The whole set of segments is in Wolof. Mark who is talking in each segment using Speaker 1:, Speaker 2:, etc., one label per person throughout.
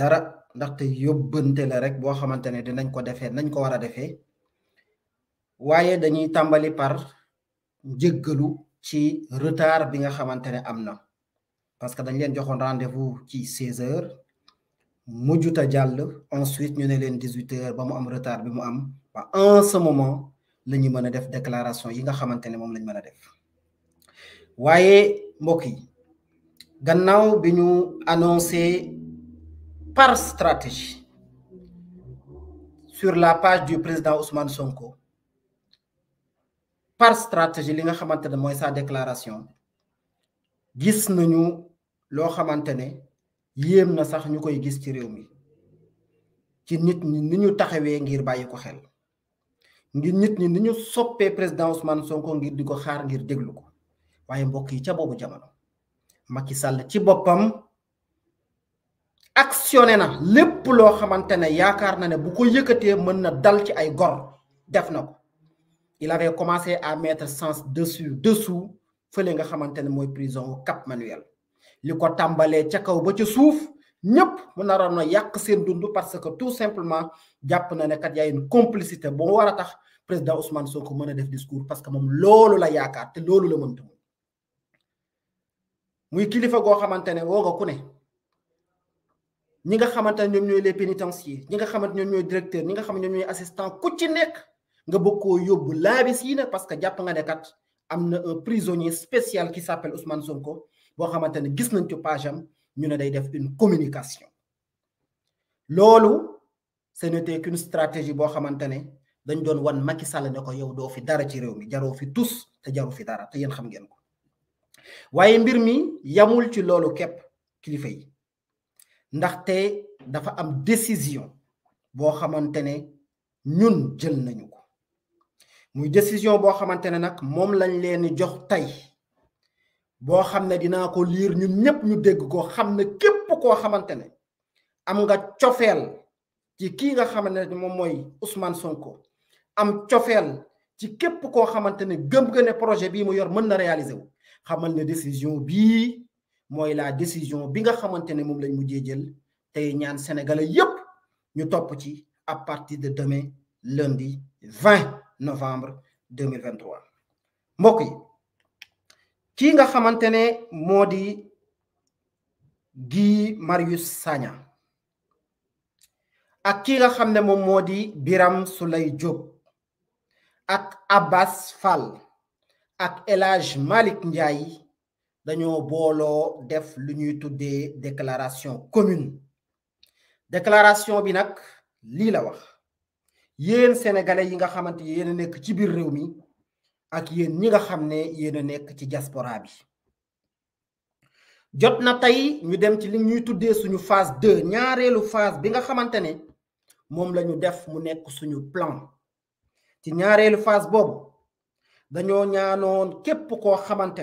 Speaker 1: dara ndaxte yóbbante la rek boo xamante ne dinañ ko defee nañ ko war a defee waaye dañuy tàmbali par njëggalu ci retard bi nga xamante ne am na parce que dañ leen joxoon rendez-vous ci 16 heures mujjuta jàll ensuite ñu ne leen 18 heures ba mu am retard bi mu am ba en ce moment la ñu mën a def déclaration yi nga xamante ne moom lañ mën a def waaye mbokk gannaaw bi ñu annoncé par stratégie sur la page du président Ousmane Sonko par stratégie li nga xamante ne mooy sa déclaration gis nañu loo xamante ne yéem na sax ñu koy gis ci réew mi ci nit ñi ni ñu taxawee ngir bàyyi ko xel ngir nit ñi ni ñu soppee président Ousmane Sonko ngir di ko xaar ngir déglu ko waaye mbokk yi ca boobu jamono Macky ci boppam. actionné na lépp loo xamante ne na ne bu ko yëkkatee mën na dal ci ay gor def nako il avait commencé à mettre sens dessus dessous fële nga xamantene moy prison Cap Manuel liko tambalé ci kaw ba ci souf ñëpp mu na seen dundu parce que tout simplement japp na ne kat yaay une complicité bo wara tax président Ousmane Sonko mën def discours parce que mom loolu la yaakar te loolu la mënta muy kilifa go xamantene wo ku ne ñi nga xamante ne ñoy les pénitenciers ñi nga xamante ñoom ñoy directeur ñi nga xam ne ñoom assistant ku ci nek nga bëgg koo yóbbu laabi parce que japp nga ne kat amna un prisonnier spécial qui s'appelle Ousmane Sonko bo xamante gis nañ ci page am ñu ne day def une communication lolu ce n'était qu'une stratégie bo xamante dañ doon wan Macky Sall ne ko yow do fi dara ci réew mi jaroo fi tous te jaroo fi dara te yéen xam ngeen ko waye mbir mi yamul ci lolu kep kilifa yi ndaxte dafa am décision bo xamante ñun jël nañu ko muy décision bo xamante nak mom lañ leen jox tay bo xam dina ko liir ñun ñëpp ñu dégg ko xam képp ko xamante am nga cofeel ci ki nga xamante mom moy Ousmane Sonko am cofeel ci képp ko xamante gëm nga projet bi mu yor mëna na réaliser wu xamal décision bi moy la décision bi nga xamantene mom lañ mujjé jël tay ñaan sénégalais yépp ñu top ci à partir de demain lundi 20 novembre 2023 mbok yi kii nga xamantene modi gi Guy Marius Sanya. ak ki nga xam mom modi biram di ak Abbas Fall ak Elage Malik Ndiaye dañoo bolo def lu ñuy tuddee déclaration commune déclaration bi nag lii la wax yéen sénégalais yi nga xamanté yeen nek ci bir réew mi ak yeen ñi nga xamné yeen nek ci diaspora bi Jotna tay ñu dem ci li ñuy tuddé suñu phase deux ñaareelu phase bi nga xamanté né mom lañu def mu nek suñu plan ci ñaareelu phase boobu dañoo ñaanon képp ko xamanté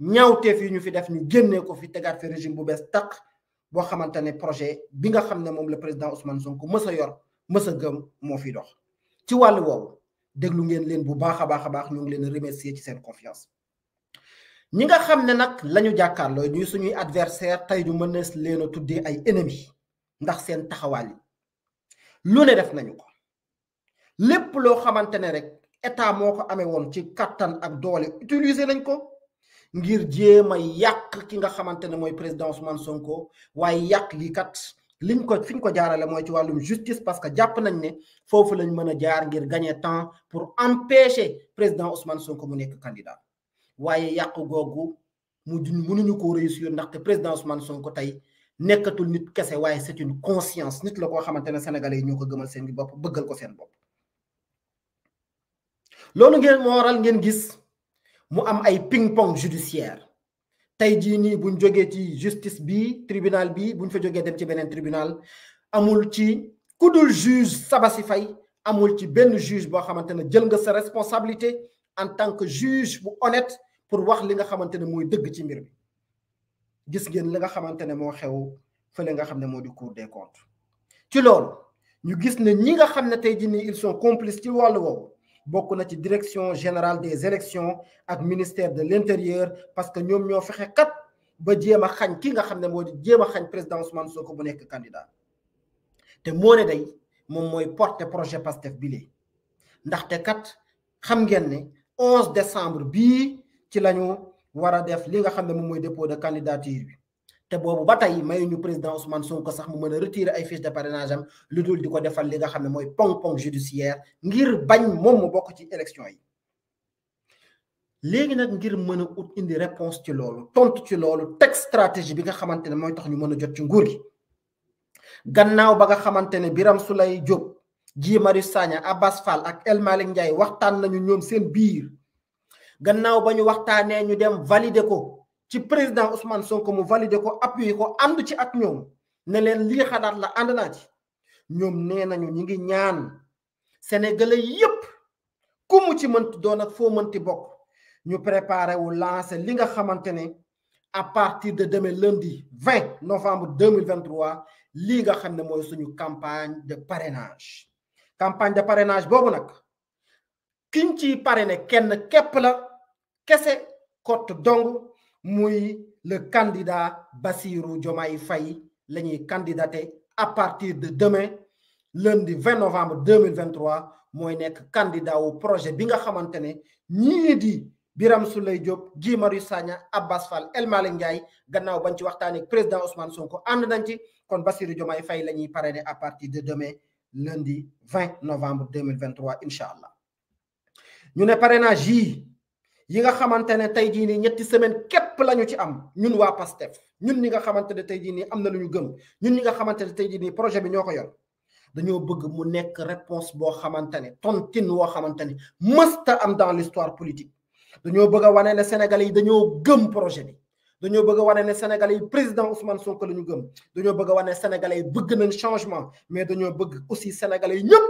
Speaker 1: ñawte fi ñu fi def ñu génné ko fi tégaat fi régime bu bess tak bo xamantane projet bi nga xamné mom le président Ousmane Sonko mësa yor mësa gëm mo fi dox ci walu wowo déglu ngeen leen bu baaxa baaxa baax ñu ngi leen remercier ci seen confiance ñi nga xamné nak lañu la ñu adversaire tay du mënees leen tuddé ay ennemi ndax seen taxawaal yi lu ne def nañu ko lépp lo rek état moko amé won ci kattan ak doole utiliser nañ ko ngir djema a ki nga xamantene moy président Ousmane Sonko waaye yak likat kat liñ ko fiñ ko jaarale moy ci walum justice parce que japp nañ ne fofu lañ mën jaar ngir gagner temps pour empêcher président Ousmane Sonko mu nek candidat waye yak gogou mu duñ mënuñu ko réussir ndaxte président Ousmane Sonko tay nekatul nit kessé waye c'est une conscience nit la ko xamantene sénégalais ñoko gëmal seen bop bëggal ko seen bop lolu ngeen ngeen gis mu am ay ping pong judiciaire tey jii nii buñ jógee ci justice bi tribunal bi buñ fa jógee dem ci benen tribunal amul ci kudul juge Sabassi Faye amul ci benn juge bo xamantene jël nga sa responsabilité en tant que juge bu honnête pour wax li nga xamantene moy deug ci mbir bi gis ngeen li nga xamantene mo xew fele nga xam ne cour des comptes ci loolu ñu gis ne ñi nga xam ne tey ils sont complices ci wàllu woowu ci direction générale des élections ak ministère de l'intérieur parce que nous ñoo fexé kat ba qui ki nga moo président Ousmane Sonko bu candidat té day porter projet PASTEF 11 décembre nous ci dépôt de candidature te bobu batay tey ñu président Ousmane Sonko sax mu mën retirer ay fiche de parrainage am lu dul di defal li nga xamné moy pong pong judiciaire ngir bañ mom mu bok ci élection yi. légui nak ngir mën ut indi réponse ci lolu tontu ci lolu texte stratégie bi nga xamantene moy tax ñu mën jot ci nguur gi gannaaw ba nga xamantene biram soulay job Diop Guy Sagna Abbas Fall ak El malik ndjay waxtaan nañu ñoom seen biir gannaaw bañu ñu ñu dem valider ko. ci président Ousmane Sonko mu validé ko appuyé ko ànd ci ak ñoom ne leen lii xalaat la ànd naa ci ñoom nee nañu ñi ngi ñaan sénégalais yépp ku mu ci mënt doon ak foo mënti bokk ñu préparé wu lancé li nga xamante ne à partir de demain lundi 20 novembre 2023 lii nga xam ne mooy suñu campagne de parenage campagne de parenage boobu nag kiñ pare parrainé kenn képp la kese kott dong le candidat Basirou Diomaye Faye l'année candidaté à partir de demain lundi 20 novembre 2023 mooy nek candidat au projet Binga nga xamante ne ñii di Diop Guy Abbas Fall El Malengay, Ndiaye gannaaw président Ousmane Sonko ànd nañ ci kon Bassirou Diomaye Faye à partir de demain lundi 20 novembre 2023 Inch'Allah. Nous sommes parrainés à J yi nga xamante tay tey ni ñetti semaine képp lañu ci am ñun wa PASTEF ñun ñi nga xamante tay tey ni amna luñu gëm ñun ñi nga xamante tay tey ni projet bi ñoko ko yor dañoo bëgg mu nekk réponse bo xamante tontine woo xamante ne am dans l'histoire politique dañoo bëgg a wane ne Sénégalais yi dañoo gëm projet bi dañoo bëgg a wane ne Sénégalais président Ousmane Sonko lañu gëm dañoo bëgg a wane Sénégalais bëgg nañ changement mais dañoo bëgg aussi Sénégalais ñëpp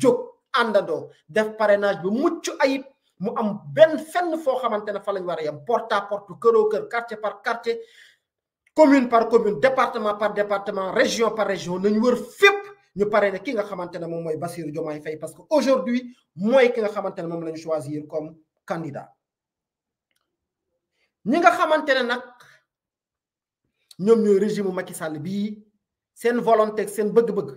Speaker 1: jóg andado def parrainage bu muccu ayib mu am benn fenn foo xamante ne fa lañ war a yem porte à porte këroo kër quartier par quartier commune par commune département par département région par région nañ wër fépp ñu pare ne ki nga xamante ne moom mooy Bassirou Diomaye Faye parce que aujourd'hui mooy ki nga xamante ne moom lañu choisir comme candidat ñi nga xamante ne nag ñoom ñooy régime Macky Sall bii seen volonté ak seen bëgg-bëgg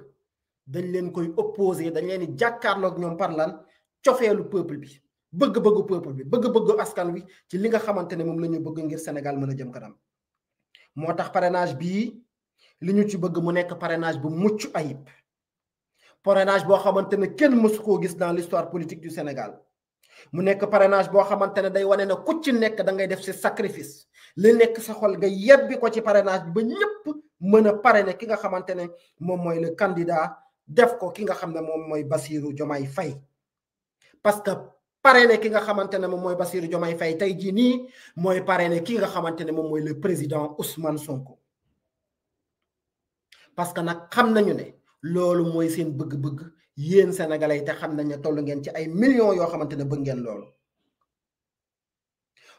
Speaker 1: dañ leen koy opposé dañ leen di jàkkaarloog ñoom par lan cofeelu peuple bi bëgg-bëggu peuple bi bëgg-bëggu askan wi ci li nga xamante ne moom la ñu bëgg ngir Sénégal mën a jëm kanam moo tax parrainage bii li ñu ci bëgg mu nekk parrainage bu mucc ayib parrainage boo xamante ne kenn mësu koo gis dans l'histoire politique du Sénégal mu nekk parrainage boo xamante ne day wane ne ku ci nekk da def si sacrifice li nekk sa xol nga yebbi ko ci parrainage bi ba mën a parrainer ki nga xamante ne moom mooy le candidat def ko ki nga xam ne moom mooy Bassirou Diomaye Faye pare parrainé ki nga xamante ne moom mooy Bassirou Diomaye fay tey jii nii mooy ne ki nga xamante ne moom mooy le président Ousmane Sonko parce que nag xam nañu ne loolu mooy seen bëgg-bëgg yéen sénégalais te xam nañ ne toll ngeen ci ay millions yoo xamante ne bëgg ngeen loolu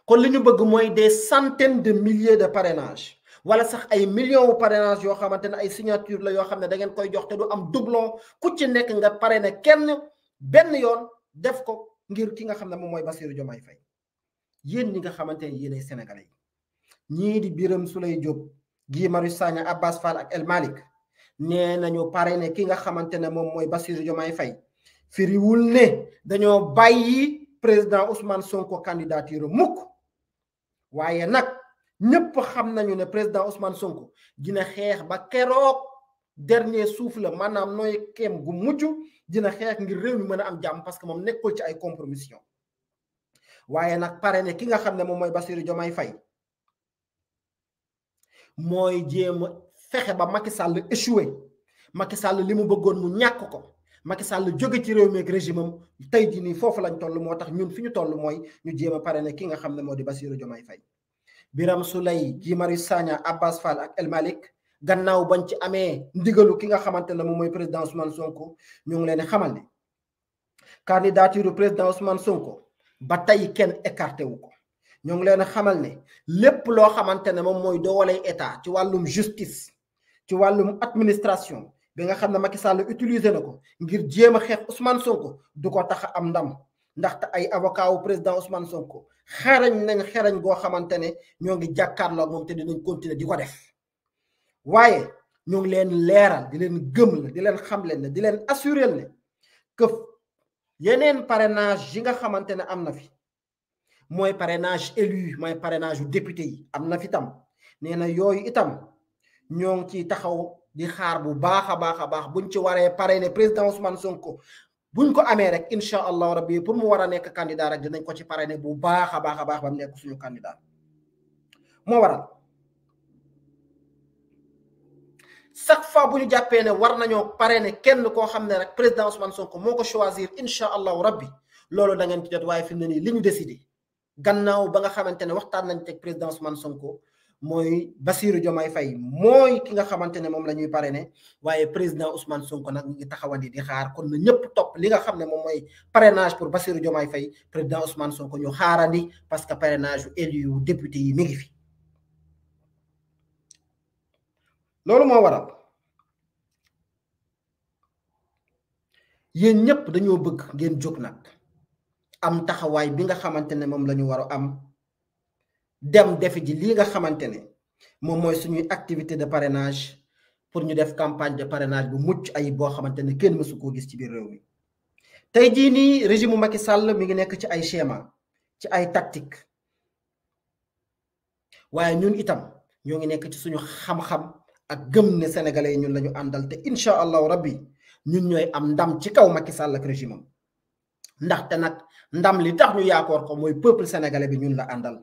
Speaker 1: kon li ñu bëgg mooy des centaines de milliers de parrainages wala sax ay millions wu yoo xamante ne ay signature la yoo xam ne da koy jox te du am doublon ku ci nekk nga parrainé kenn benn yoon def ko. ngir ki nga xam ne moom mooy Bassirou Diomaye fay yéen ñi nga xamante ne yéenay sénégalais yi ñii di Birame Souleye Diop Guy Marius Sagna Abbas Fall ak El Malick nee nañu pare ne ki nga xamante ne moom mooy Bassirou Diomaye fay firiwul ne dañoo bàyyi président Ousmane Sonko candidature mukk waaye nag ñëpp xam nañu ne président Ousmane Sonko dina xeex ba keroog. dernier suuf souffle maanaam nooy kem gu mujj dina xeex ngir réew mi mën a am jàmm parce que moom nekkul ci ay compromission waaye nag pare ne ki nga xam ne moom mooy Bassirou Diomaye Faye mooy jéem a fexe ba Macky Sall échoué Macky Sall li mu bëggoon mu ñàkk ko Macky Sall jóge ci réew mi ak régime tey jii nii foofu lañ toll moo tax ñun fi ñu toll mooy ñu jéem a pare ne ki nga xam ne moo di Bassirou Diomaye Faye Birame Souleye Guy Marius Sagna Abbas Fall ak El gannaaw bañ ci amé ndigalu ki nga xamante ne mooy président Ousmane Sonko ñu ngi leen xamal ne candidature président Ousmane Sonko ba tay kenn écarté wu ko ñu ngi leen xamal ne lépp lo xamante ne mooy état ci walum justice ci walum administration bi nga xam ne Macky Sall utilisé na ko ngir jéem a Ousmane Sonko du ko tax am ndam ay avocat wu président Ousmane Sonko xarañ nañ xarañ go xamante ne ñoo ngi jàkkaarloo moom te dinañ continuer di def. waaye ñu ngi leen leeral di leen gëmm la di leen xam leen la di leen assuré ne këf yeneen parrainage yi nga xamante ne am na fi mooy parenage élu mooy parenage député yi am na fi tam nee na yooyu itam ñoo ngi ciy taxaw di xaar bu baax a baax a baax buñ ci waree pare ne président Ousmane Sonko buñ ko amee rek incha allahu rabbi pour mu war a nekk candidat rek dinañ ko ci pare ne bu baax a baax a baax ba nekk suñu candidat moo waral. chaque fois bu ñu jàppee ne war nañoo parrainer kenn koo xam ne rek président Ousmane Sonko moo ko choisir incha allahu rabbi loolu da ngeen ci jot waaye fi mu ne nii li ñu ba nga xamante ne waxtaan nañ teg président Ousmane Sonko mooy Bassirou Diomaye fay mooy ki nga xamante ne moom la ñuy parrainer waaye président Ousmane Sonko nag ñu ngi taxawandi di xaar kon na ñëpp topp li nga xam ne moom mooy parrainage pour Bassirou Diomaye Faye président Ousmane Sonko ñu xaarandi parce que parrainage yu élu yu député yi mi ngi fi. loolu moo waral yéen ñëpp dañoo bëgg ngeen jóg nag am taxawaay bi nga xamante ne moom lañu ñu war a am dem defi ji lii nga xamante ne moom mooy suñuy activité de parrainage pour ñu def campagne de parrainage bu mucc ayib boo xamante ne kenn mësu koo gis ci biir réew mi tey jii nii régime Macky sàll mi ngi nekk ci ay schéma ci ay tactique waaye ñun itam ñoo ngi nekk ci suñu xam-xam ak gëm ne sénégalais yi ñun la ñu àndal te incha allahu rabbi ñun ñooy am ndam ci kaw Macky Sall ak régime am ndaxte nag ndam li tax ñu yaakaar ko mooy peuple sénégalais bi ñun la àndal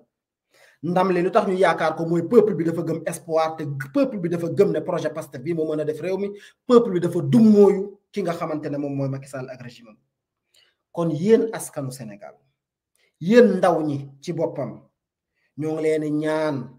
Speaker 1: ndam li lu tax ñu yaakaar ko mooy peuple bi dafa gëm espoir te peuple bi dafa gëm ne projet Pastef bii moo mën a def réew mi peuple bi dafa mooyu ki nga xamante ne moom mooy Macky Sall ak régime kon yéen askanu Sénégal yéen ndaw ñi ci boppam ñoo ngi ñaan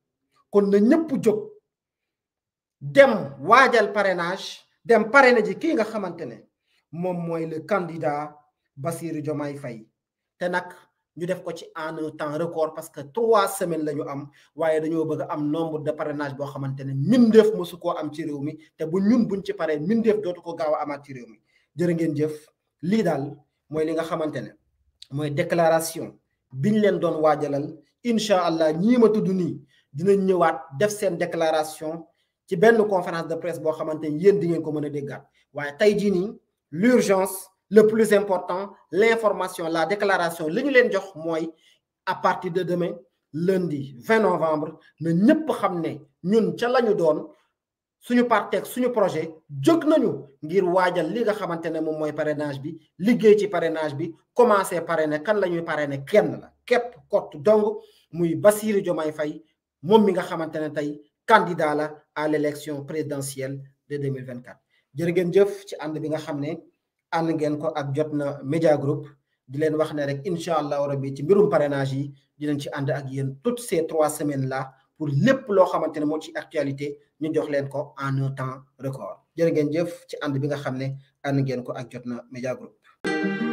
Speaker 1: kon na ñëpp jóg dem waajal parenage dem parrainage ji kii nga xamante ne moom mooy le candidat Bassirou Diomaye fay te nag ñu def ko ci en un temps record parce que trois semaines la ñu am waaye dañoo bëgg am nombre de parrainage boo xamante ne mindeef mosu koo am ci réew mi te bu ñun buñ ci paree mindeef dootu ko gaaw a amaat ci réew mi jërë ngeen jëf lii daal mooy li nga xamante ne mooy déclaration biñ leen doon waajalal incha allah ñii ma nii dinañ ñëwaat def seen déclaration ci benn conférence de presse boo xamante ni yéen di ngeen ko mën a déggaat waaye tey jii nii l'urgence le plus important l'information la déclaration li ñu leen jox mooy à partir de demain lundi 20 novembre na ñëpp xam ne ñun ca lañu doon suñu parti suñu projet jóg nañu ngir waajal li nga xamante ne moom mooy parrainage bi liggéey ci parrainage bi commencé parrainer kan la ñuy parrainer kenn la képp kott dong muy Bassirou Diomaye fay moom mi nga xamantene tay candidat la à l'élection présidentielle de 2024 jërë ngeen ci and bi nga xamné and ngeen ko ak Jotna Media Group di leen wax ne rek inshallah rabbi ci mbirum parrainage yi dinañ ci and ak yeen toutes ces trois semaines là pour lepp lo xamantene mo ci actualité ñu jox leen ko en un temps record jërë ngeen ci and bi nga xamné and ngeen ko ak Jotna Media Group